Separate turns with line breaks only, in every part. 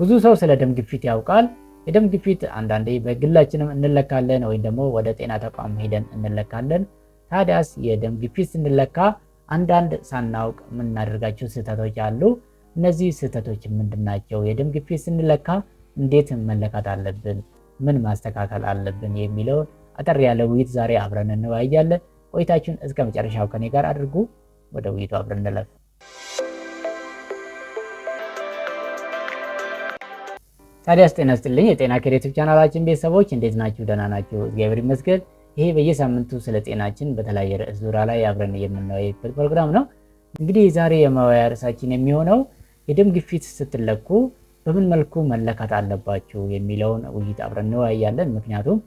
ብዙ ሰው ስለ ደም ግፊት ያውቃል። የደም ግፊት አንዳንዴ በግላችንም እንለካለን ወይም ደግሞ ወደ ጤና ተቋም ሄደን እንለካለን። ታዲያስ የደም ግፊት ስንለካ አንዳንድ ሳናውቅ የምናደርጋቸው ስህተቶች አሉ። እነዚህ ስህተቶች ምንድን ናቸው? የደም ግፊት ስንለካ እንዴት መለካት አለብን? ምን ማስተካከል አለብን? የሚለውን አጠር ያለ ውይይት ዛሬ አብረን እንወያያለን። ቆይታችሁን እስከ መጨረሻው ከኔ ጋር አድርጉ። ወደ ውይይቱ አብረን እንለፍ። ታዲያስ ጤና የጤና ክሬቲቭ ቻናላችን ቤተሰቦች እንዴት ናችሁ? ደህና ናችሁ? እግዚአብሔር ይመስገን። ይሄ በየሳምንቱ ስለ ጤናችን በተለያየ ርዕስ ዙሪያ ላይ አብረን የምንወያይበት ፕሮግራም ነው። እንግዲህ ዛሬ የመወያ ርዕሳችን የሚሆነው የደም ግፊት ስትለኩ በምን መልኩ መለካት አለባችሁ የሚለውን ውይይት አብረን እንወያያለን። ምክንያቱም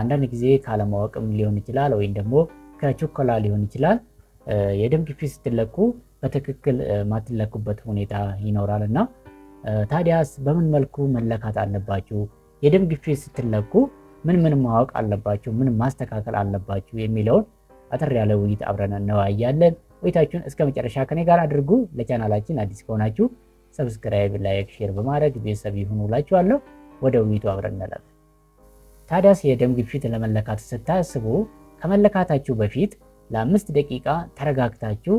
አንዳንድ ጊዜ ካለማወቅም ሊሆን ይችላል ወይም ደግሞ ከችኮላ ሊሆን ይችላል የደም ግፊት ስትለኩ በትክክል ማትለኩበት ሁኔታ ይኖራል እና ታዲያስ በምን መልኩ መለካት አለባችሁ? የደም ግፊት ስትለኩ ምን ምን ማወቅ አለባችሁ? ምን ማስተካከል አለባችሁ? የሚለውን አጠር ያለ ውይይት አብረን እንወያያለን። ቆይታችሁን እስከ መጨረሻ ከኔ ጋር አድርጉ። ለቻናላችን አዲስ ከሆናችሁ ሰብስክራይብ፣ ላይክ፣ ሼር በማድረግ ቤተሰብ ይሁኑ እላችኋለሁ። ወደ ውይይቱ አብረን እንለፍ። ታዲያስ የደም ግፊት ለመለካት ስታስቡ ከመለካታችሁ በፊት ለአምስት ደቂቃ ተረጋግታችሁ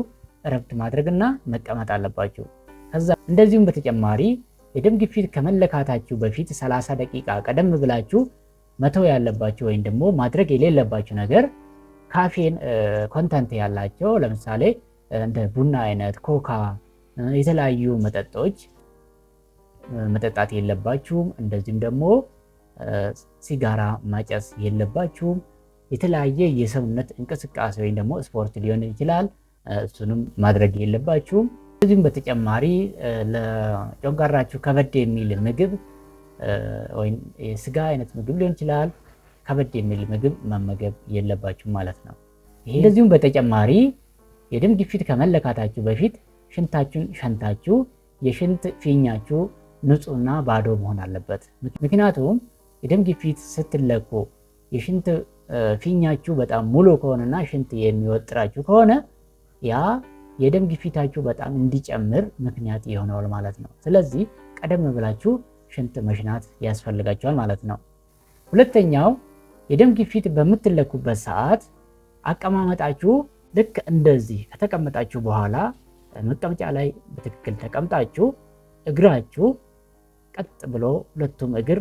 እረፍት ማድረግና መቀመጥ አለባችሁ። ከዛ እንደዚሁም በተጨማሪ የደም ግፊት ከመለካታችሁ በፊት 30 ደቂቃ ቀደም ብላችሁ መተው ያለባችሁ ወይም ደግሞ ማድረግ የሌለባችሁ ነገር ካፌን ኮንተንት ያላቸው ለምሳሌ እንደ ቡና አይነት ኮካ፣ የተለያዩ መጠጦች መጠጣት የለባችሁም። እንደዚሁም ደግሞ ሲጋራ ማጨስ የለባችሁም። የተለያየ የሰውነት እንቅስቃሴ ወይም ደግሞ ስፖርት ሊሆን ይችላል። እሱንም ማድረግ የለባችሁም። ከዚህም በተጨማሪ ለጨጓራችሁ ከበድ የሚል ምግብ ወይም የስጋ አይነት ምግብ ሊሆን ይችላል። ከበድ የሚል ምግብ መመገብ የለባችሁ ማለት ነው። እንደዚሁም በተጨማሪ የደም ግፊት ከመለካታችሁ በፊት ሽንታችሁን ሸንታችሁ የሽንት ፊኛችሁ ንጹህና ባዶ መሆን አለበት። ምክንያቱም የደም ግፊት ስትለኩ የሽንት ፊኛችሁ በጣም ሙሉ ከሆነና ሽንት የሚወጥራችሁ ከሆነ ያ የደም ግፊታችሁ በጣም እንዲጨምር ምክንያት ይሆነዋል ማለት ነው። ስለዚህ ቀደም ብላችሁ ሽንት መሽናት ያስፈልጋችኋል ማለት ነው። ሁለተኛው የደም ግፊት በምትለኩበት ሰዓት አቀማመጣችሁ ልክ እንደዚህ ከተቀመጣችሁ በኋላ መቀመጫ ላይ በትክክል ተቀምጣችሁ እግራችሁ ቀጥ ብሎ ሁለቱም እግር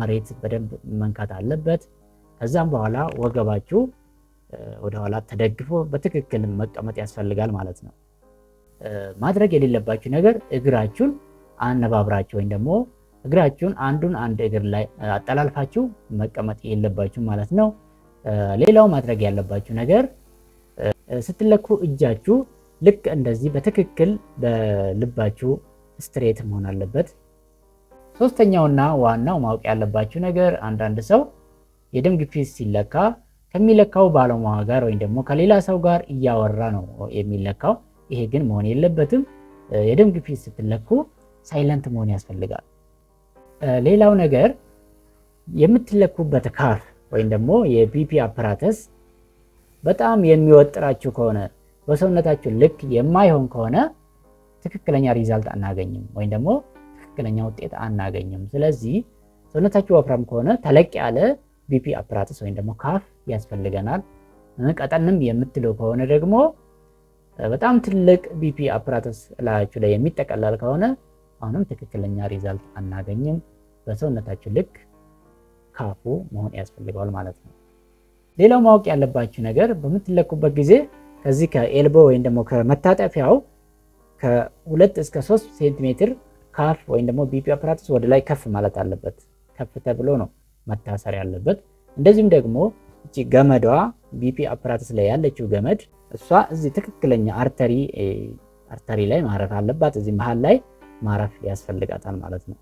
መሬት በደንብ መንካት አለበት። ከዛም በኋላ ወገባችሁ ወደኋላ ተደግፎ በትክክል መቀመጥ ያስፈልጋል ማለት ነው። ማድረግ የሌለባችሁ ነገር እግራችሁን አነባብራችሁ ወይም ደግሞ እግራችሁን አንዱን አንድ እግር ላይ አጠላልፋችሁ መቀመጥ የለባችሁ ማለት ነው። ሌላው ማድረግ ያለባችሁ ነገር ስትለኩ እጃችሁ ልክ እንደዚህ በትክክል በልባችሁ ስትሬት መሆን አለበት። ሶስተኛውና ዋናው ማወቅ ያለባችሁ ነገር አንዳንድ ሰው የደም ግፊት ሲለካ ከሚለካው ባለሙያ ጋር ወይም ደግሞ ከሌላ ሰው ጋር እያወራ ነው የሚለካው። ይሄ ግን መሆን የለበትም። የደም ግፊት ስትለኩ ሳይለንት መሆን ያስፈልጋል። ሌላው ነገር የምትለኩበት ካፍ ወይም ደግሞ የቢፒ አፕራተስ በጣም የሚወጥራችሁ ከሆነ በሰውነታችሁ ልክ የማይሆን ከሆነ ትክክለኛ ሪዛልት አናገኝም ወይም ደግሞ ትክክለኛ ውጤት አናገኝም። ስለዚህ ሰውነታችሁ ወፍራም ከሆነ ተለቅ ያለ ቢፒ አፕራተስ ወይም ደግሞ ካፍ ያስፈልገናል። ቀጠንም የምትለው ከሆነ ደግሞ በጣም ትልቅ ቢፒ አፕራተስ ላያችሁ ላይ የሚጠቀላል ከሆነ አሁንም ትክክለኛ ሪዛልት አናገኝም። በሰውነታችሁ ልክ ካፉ መሆን ያስፈልገዋል ማለት ነው። ሌላው ማወቅ ያለባችሁ ነገር በምትለኩበት ጊዜ ከዚህ ከኤልቦ ወይም ደግሞ ከመታጠፊያው ከሁለት እስከ ሶስት ሴንቲሜትር ካፍ ወይም ደግሞ ቢፒ አፕራተስ ወደ ላይ ከፍ ማለት አለበት። ከፍ ተብሎ ነው መታሰር ያለበት። እንደዚሁም ደግሞ እቺ ገመዷ ቢፒ አፕራትስ ላይ ያለችው ገመድ እሷ እዚህ ትክክለኛ አርተሪ አርተሪ ላይ ማረፍ አለባት። እዚህ መሀል ላይ ማረፍ ያስፈልጋታል ማለት ነው።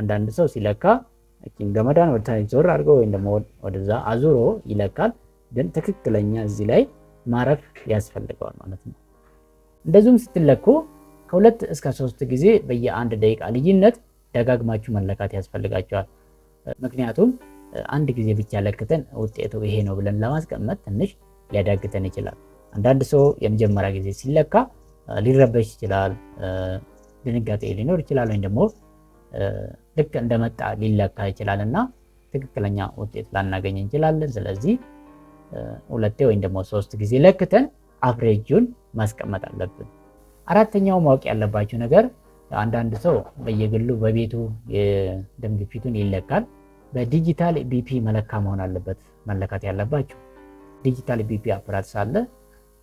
አንዳንድ ሰው ሲለካ እቺን ገመዷን ወደ ታች ዞር አድርጎ ወይም ደግሞ ወደዛ አዙሮ ይለካል። ግን ትክክለኛ እዚህ ላይ ማረፍ ያስፈልገዋል ማለት ነው። እንደዚሁም ስትለኩ ከሁለት እስከ ሶስት ጊዜ በየአንድ ደቂቃ ልዩነት ደጋግማችሁ መለካት ያስፈልጋቸዋል። ምክንያቱም አንድ ጊዜ ብቻ ለክተን ውጤቱ ይሄ ነው ብለን ለማስቀመጥ ትንሽ ሊያዳግተን ይችላል። አንዳንድ ሰው የመጀመሪያ ጊዜ ሲለካ ሊረበሽ ይችላል። ድንጋጤ ሊኖር ይችላል። ወይም ደግሞ ልክ እንደመጣ ሊለካ ይችላል እና ትክክለኛ ውጤት ላናገኝ እንችላለን። ስለዚህ ሁለቴ ወይም ደግሞ ሶስት ጊዜ ለክተን አፍሬጁን ማስቀመጥ አለብን። አራተኛው ማወቅ ያለባችሁ ነገር አንዳንድ ሰው በየግሉ በቤቱ የደም ግፊቱን ይለካል። በዲጂታል ቢፒ መለካ መሆን አለበት መለካት ያለባችሁ ዲጂታል ቢፒ አፕራት ሳለ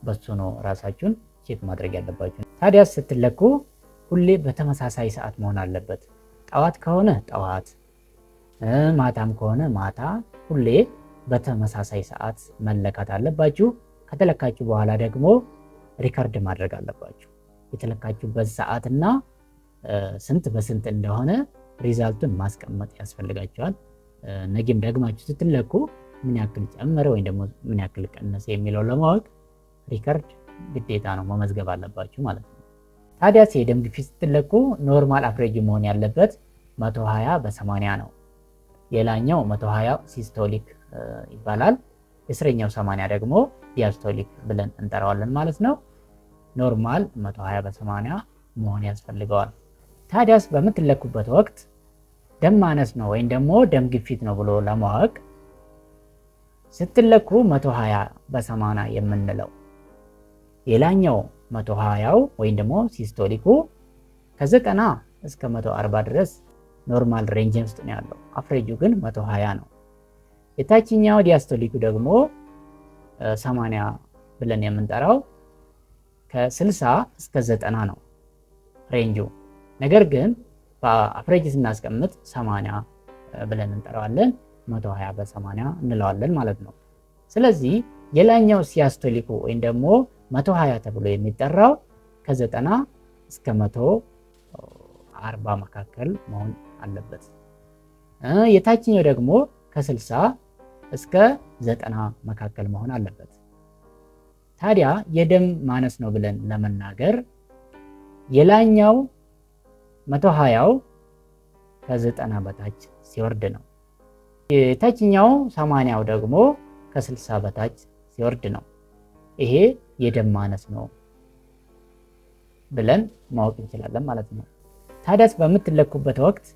በሱ ነው ራሳችሁን ቼክ ማድረግ ያለባችሁ። ታዲያ ስትለኩ ሁሌ በተመሳሳይ ሰዓት መሆን አለበት። ጠዋት ከሆነ ጠዋት፣ ማታም ከሆነ ማታ፣ ሁሌ በተመሳሳይ ሰዓት መለካት አለባችሁ። ከተለካችሁ በኋላ ደግሞ ሪከርድ ማድረግ አለባችሁ የተለካችሁበት ሰዓትና ስንት በስንት እንደሆነ ሪዛልቱን ማስቀመጥ ያስፈልጋቸዋል። ነገም ደግማችሁ ስትለኩ ምን ያክል ጨመረ ወይም ደግሞ ምን ያክል ቀነሰ የሚለው ለማወቅ ሪከርድ ግዴታ ነው መመዝገብ አለባችሁ ማለት ነው። ታዲያስ የደም ግፊት ስትለኩ ኖርማል አፍሬጅ መሆን ያለበት 120 በ80 ነው። የላኛው 120 ሲስቶሊክ ይባላል። እስረኛው 80 ደግሞ ዲያስቶሊክ ብለን እንጠራዋለን ማለት ነው። ኖርማል 120 በ80 መሆን ያስፈልገዋል። ታዲያስ በምትለኩበት ወቅት ደም ማነስ ነው ወይም ደግሞ ደም ግፊት ነው ብሎ ለማወቅ ስትለኩ 120 በ80 የምንለው ሌላኛው 120ው ወይም ደግሞ ሲስቶሊኩ ከ90 እስከ 140 ድረስ ኖርማል ሬንጅ ውስጥ ነው ያለው። አፍሬጁ ግን 120 ነው። የታችኛው ዲያስቶሊኩ ደግሞ 80 ብለን የምንጠራው ከ60 እስከ 90 ነው ሬንጁ። ነገር ግን በአፍሬጅ ስናስቀምጥ 80 ብለን እንጠራዋለን። 120 በ80 እንለዋለን ማለት ነው። ስለዚህ የላኛው ሲያስቶሊኩ ወይም ደግሞ 120 ተብሎ የሚጠራው ከ90 እስከ 140 መካከል መሆን አለበት። የታችኛው ደግሞ ከ60 እስከ 90 መካከል መሆን አለበት። ታዲያ የደም ማነስ ነው ብለን ለመናገር የላኛው መቶ ሀያው ከዘጠና በታች ሲወርድ ነው። የታችኛው ሰማንያው ደግሞ ከስልሳ በታች ሲወርድ ነው። ይሄ የደም ማነስ ነው ብለን ማወቅ እንችላለን ማለት ነው። ታዲያስ በምትለኩበት ወቅት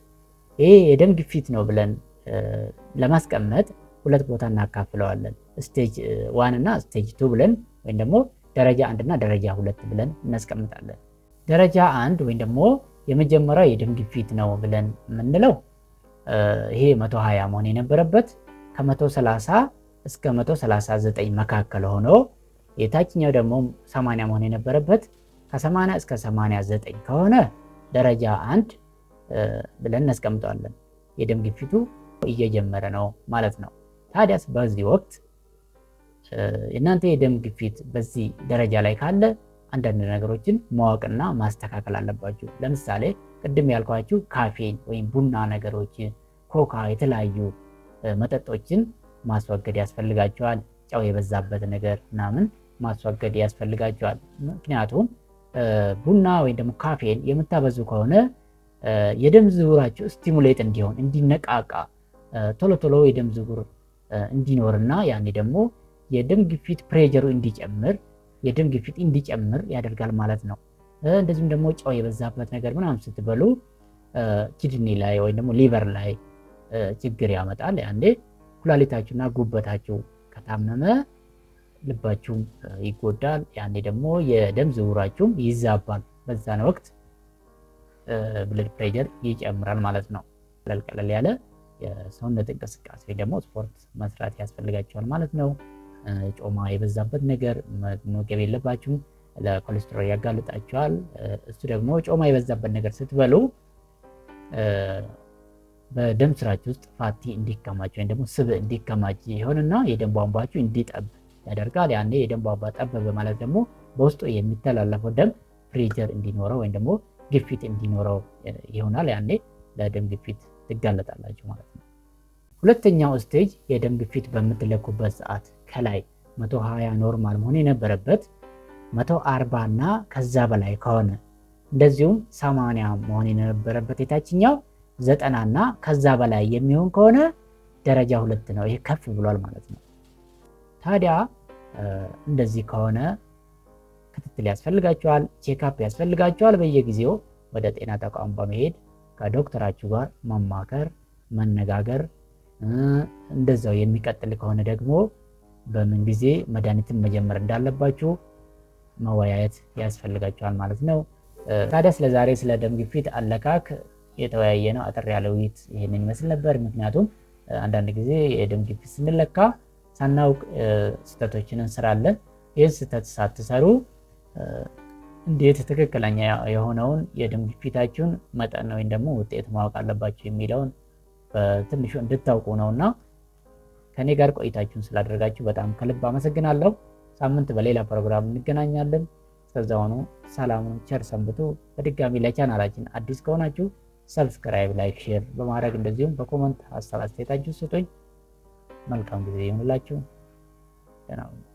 ይሄ የደም ግፊት ነው ብለን ለማስቀመጥ ሁለት ቦታ እናካፍለዋለን። ስቴጅ ዋን እና ስቴጅ ቱ ብለን ወይም ደግሞ ደረጃ አንድ እና ደረጃ ሁለት ብለን እናስቀምጣለን። ደረጃ አንድ ወይም ደግሞ የመጀመሪያው የደም ግፊት ነው ብለን የምንለው ይሄ 120 መሆን የነበረበት ከ130 እስከ 139 መካከል ሆኖ የታችኛው ደግሞ 80 መሆን የነበረበት ከ80 እስከ 89 ከሆነ ደረጃ አንድ ብለን እናስቀምጠዋለን። የደም ግፊቱ እየጀመረ ነው ማለት ነው። ታዲያስ በዚህ ወቅት እናንተ የደም ግፊት በዚህ ደረጃ ላይ ካለ አንዳንድ ነገሮችን ማወቅና ማስተካከል አለባችሁ። ለምሳሌ ቅድም ያልኳችሁ ካፌን ወይም ቡና ነገሮች ኮካ፣ የተለያዩ መጠጦችን ማስወገድ ያስፈልጋቸዋል። ጨው የበዛበት ነገር ምናምን ማስወገድ ያስፈልጋቸዋል። ምክንያቱም ቡና ወይም ደግሞ ካፌን የምታበዙ ከሆነ የደም ዝውውራችሁ ስቲሙሌት እንዲሆን እንዲነቃቃ፣ ቶሎ ቶሎ የደም ዝውር እንዲኖርና ያኔ ደግሞ የደም ግፊት ፕሬጀሩ እንዲጨምር የደም ግፊት እንዲጨምር ያደርጋል ማለት ነው። እንደዚሁም ደግሞ ጨው የበዛበት ነገር ምናምን ስትበሉ ኪድኒ ላይ ወይም ደግሞ ሊቨር ላይ ችግር ያመጣል። አንዴ ኩላሊታችሁና ጉበታችሁ ከታመመ ልባችሁም ይጎዳል። ያኔ ደግሞ የደም ዝውውራችሁም ይዛባል። በዛን ወቅት ብለድ ፕሬጀር ይጨምራል ማለት ነው። ቀለል ቀለል ያለ የሰውነት እንቅስቃሴ ደግሞ ስፖርት መስራት ያስፈልጋቸዋል ማለት ነው። ጮማ የበዛበት ነገር መገብ የለባችሁም። ለኮሌስትሮል ያጋልጣችኋል። እሱ ደግሞ ጮማ የበዛበት ነገር ስትበሉ በደም ስራች ውስጥ ፋቲ እንዲከማች ወይም ደግሞ ስብ እንዲከማች ይሆንና የደም ቧንቧችሁ እንዲጠብ ያደርጋል። ያኔ የደም ቧንቧ ጠበበ ማለት ደግሞ በውስጡ የሚተላለፈው ደም ፕሬጀር እንዲኖረው ወይም ደግሞ ግፊት እንዲኖረው ይሆናል። ያኔ ለደም ግፊት ትጋለጣላችሁ ማለት ነው። ሁለተኛው ስቴጅ የደም ግፊት በምትለኩበት ሰዓት ከላይ 120 ኖርማል መሆን የነበረበት 140 እና ከዛ በላይ ከሆነ እንደዚሁም 80 መሆን የነበረበት የታችኛው 90 እና ከዛ በላይ የሚሆን ከሆነ ደረጃ ሁለት ነው። ይሄ ከፍ ብሏል ማለት ነው። ታዲያ እንደዚህ ከሆነ ክትትል ያስፈልጋቸዋል፣ ቼክአፕ ያስፈልጋቸዋል። በየጊዜው ወደ ጤና ተቋም በመሄድ ከዶክተራችሁ ጋር መማከር፣ መነጋገር እንደዛው የሚቀጥል ከሆነ ደግሞ በምን ጊዜ መድኃኒትን መጀመር እንዳለባችሁ መወያየት ያስፈልጋችኋል ማለት ነው። ታዲያ ስለ ዛሬ ስለ ደም ግፊት አለካክ የተወያየ ነው። አጠር ያለ ውይይት ይህን ይመስል ነበር። ምክንያቱም አንዳንድ ጊዜ የደም ግፊት ስንለካ ሳናውቅ ስህተቶችን እንስራለን። ይህን ስህተት ሳትሰሩ እንዴት ትክክለኛ የሆነውን የደም ግፊታችሁን መጠን ወይም ደግሞ ውጤት ማወቅ አለባቸው የሚለውን በትንሹ እንድታውቁ ነውና ከእኔ ጋር ቆይታችሁን ስላደረጋችሁ በጣም ከልብ አመሰግናለሁ። ሳምንት በሌላ ፕሮግራም እንገናኛለን። እስከዛውኑ ሰላሙን ቸር ሰንብቱ። በድጋሚ ለቻናላችን አዲስ ከሆናችሁ ሰብስክራይብ፣ ላይክ፣ ሼር በማድረግ እንደዚሁም በኮመንት ሀሳብ አስተያየታችሁ ስጡኝ። መልካም ጊዜ ይሆንላችሁ። ደህና